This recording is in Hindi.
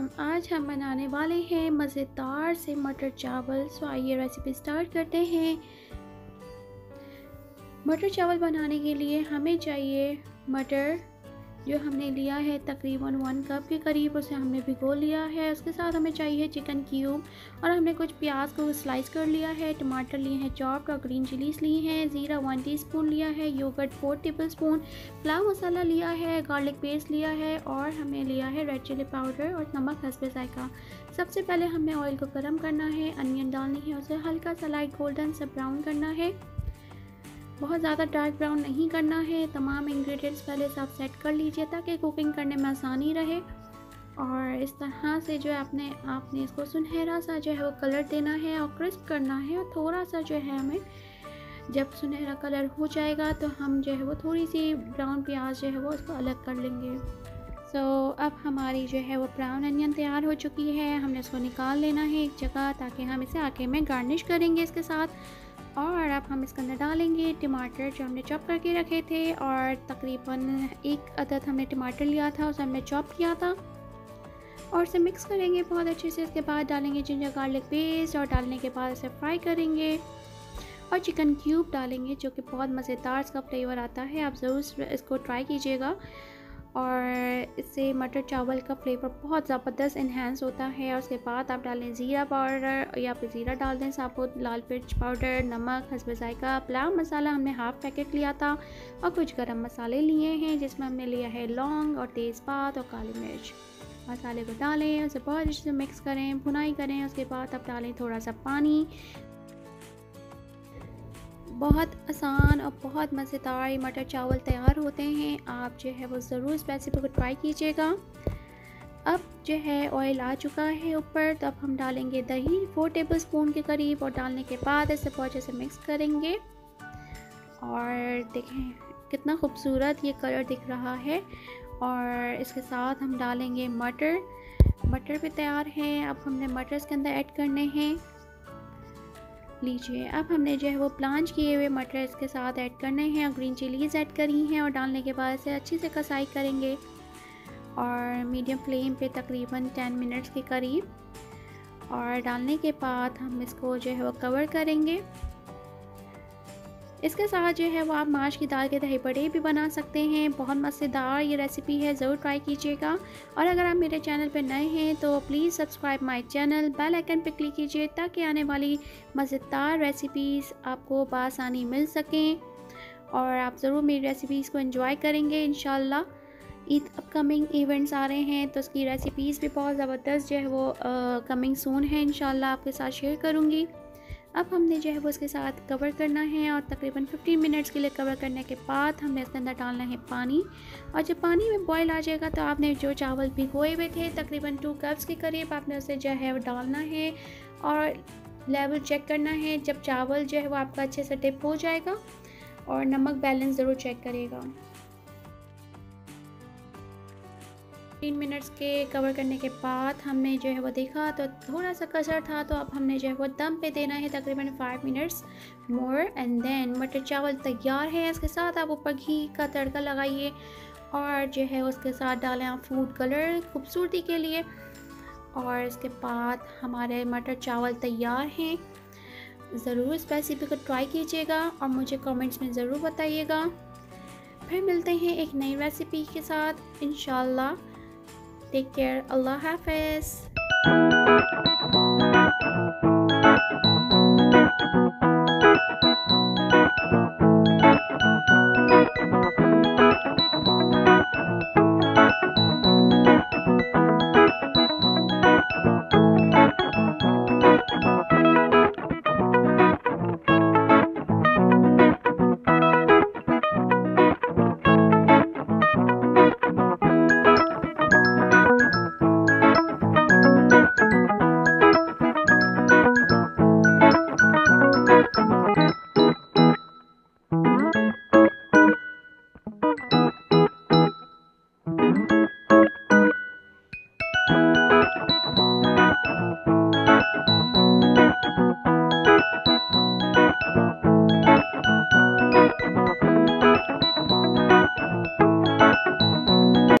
दोस्तों आज हम बनाने वाले हैं मज़ेदार से मटर चावल सो आइए रेसिपी स्टार्ट करते हैं मटर चावल बनाने के लिए हमें चाहिए मटर जो हमने लिया है तकरीबन वन कप के करीब उसे हमने भिगो लिया है उसके साथ हमें चाहिए चिकन क्यूब और हमने कुछ प्याज को स्लाइस कर लिया है टमाटर लिए हैं चॉप और ग्रीन चिलीज ली हैं ज़ीरा वन टीस्पून लिया है योगर्ट फोर टेबल स्पून पुलाव मसाला लिया है गार्लिक पेस्ट लिया है और हमें लिया है रेड चिली पाउडर और नमक हंसपे जायका सबसे पहले हमें ऑयल को गर्म करना है अनियन डालनी है उसे हल्का सा लाइट गोल्डन से ब्राउन करना है बहुत ज़्यादा डार्क ब्राउन नहीं करना है तमाम इंग्रेडिएंट्स पहले से आप सेट कर लीजिए ताकि कुकिंग करने में आसानी रहे और इस तरह से जो है आपने आपने इसको सुनहरा सा जो है वो कलर देना है और क्रिस्प करना है और थोड़ा सा जो है हमें जब सुनहरा कलर हो जाएगा तो हम जो है वो थोड़ी सी ब्राउन प्याज जो है वो उसको अलग कर लेंगे सो so, अब हमारी जो है वो ब्राउन अनियन तैयार हो चुकी है हमने इसको निकाल लेना है एक जगह ताकि हम इसे आके में गार्निश करेंगे इसके साथ और अब हम इसके अंदर डालेंगे टमाटर जो हमने चॉप करके रखे थे और तकरीबन एक अदद हमने टमाटर लिया था उसे हमने चॉप किया था और इसे मिक्स करेंगे बहुत अच्छे से इसके बाद डालेंगे जिंजर गार्लिक पेस्ट और डालने के बाद इसे फ्राई करेंगे और चिकन क्यूब डालेंगे जो कि बहुत मज़ेदार इसका फ्लेवर आता है आप ज़रूर इसको ट्राई कीजिएगा और इससे मटर चावल का फ्लेवर बहुत ज़बरदस्त इन्हेंस होता है और उसके बाद आप डालें ज़ीरा पाउडर या फिर ज़ीरा डाल दें साबुत लाल मिर्च पाउडर नमक हसब जायका पुलाव मसाला हमने हाफ़ पैकेट लिया था और कुछ गरम मसाले लिए हैं जिसमें हमने लिया है लौंग और तेज़पात और काली मिर्च मसाले को डालें उसे बहुत अच्छे से मिक्स करें भुनाई करें उसके बाद आप डालें थोड़ा सा पानी बहुत आसान और बहुत मज़ेदार मटर चावल तैयार होते हैं आप जो है वो ज़रूर इस रेसिपी को ट्राई कीजिएगा अब जो है ऑयल आ चुका है ऊपर तो अब हम डालेंगे दही फोर टेबल स्पून के करीब और डालने के बाद इसे बहुत अच्छे से मिक्स करेंगे और देखें कितना खूबसूरत ये कलर दिख रहा है और इसके साथ हम डालेंगे मटर मटर भी तैयार हैं अब हमने मटर इसके अंदर ऐड करने हैं लीजिए अब हमने जो है वो प्लांच किए हुए मटर इसके साथ ऐड करने हैं और ग्रीन चिलीज़ ऐड करी हैं और डालने के बाद इसे अच्छे से कसाई करेंगे और मीडियम फ्लेम पे तकरीबन 10 मिनट्स के करीब और डालने के बाद हम इसको जो है वो कवर करेंगे इसके साथ जो है वो आप माश की दाल के दही बड़े भी बना सकते हैं बहुत मज़ेदार ये रेसिपी है ज़रूर ट्राई कीजिएगा और अगर आप मेरे चैनल पर नए हैं तो please subscribe my channel bell icon पर क्लिक कीजिए ताकि आने वाली मज़ेदार रेसिपीज़ आपको बासानी मिल सकें और आप ज़रूर मेरी रेसिपीज़ को इन्जॉय करेंगे इन ईद अपकमिंग इवेंट्स आ रहे हैं तो उसकी रेसिपीज़ भी बहुत ज़बरदस्त जो है वो कमिंग सून है इन आपके साथ शेयर करूँगी अब हमने जो है वो इसके साथ कवर करना है और तकरीबन 15 मिनट्स के लिए कवर करने के बाद हमने इसके अंदर डालना है पानी और जब पानी में बॉईल आ जाएगा तो आपने जो चावल भिगोए हुए थे तकरीबन टू कप्स के करीब आपने उसे जो है वो डालना है और लेवल चेक करना है जब चावल जो है वो आपका अच्छे से टिप हो जाएगा और नमक बैलेंस ज़रूर चेक करेगा फिफ्टीन मिनट्स के कवर करने के बाद हमने जो है वो देखा तो थोड़ा सा कसर था तो अब हमने जो है वो दम पे देना है तकरीबन five minutes more and then मटर चावल तैयार है इसके साथ आप ऊपर घी का तड़का लगाइए और जो है उसके साथ डालें आप फूड कलर खूबसूरती के लिए और इसके बाद हमारे मटर चावल तैयार हैं ज़रूर इस रेसिपी को ट्राई कीजिएगा और मुझे कमेंट्स में ज़रूर बताइएगा फिर मिलते हैं एक नई रेसिपी के साथ इन Take care. Allah Hafiz.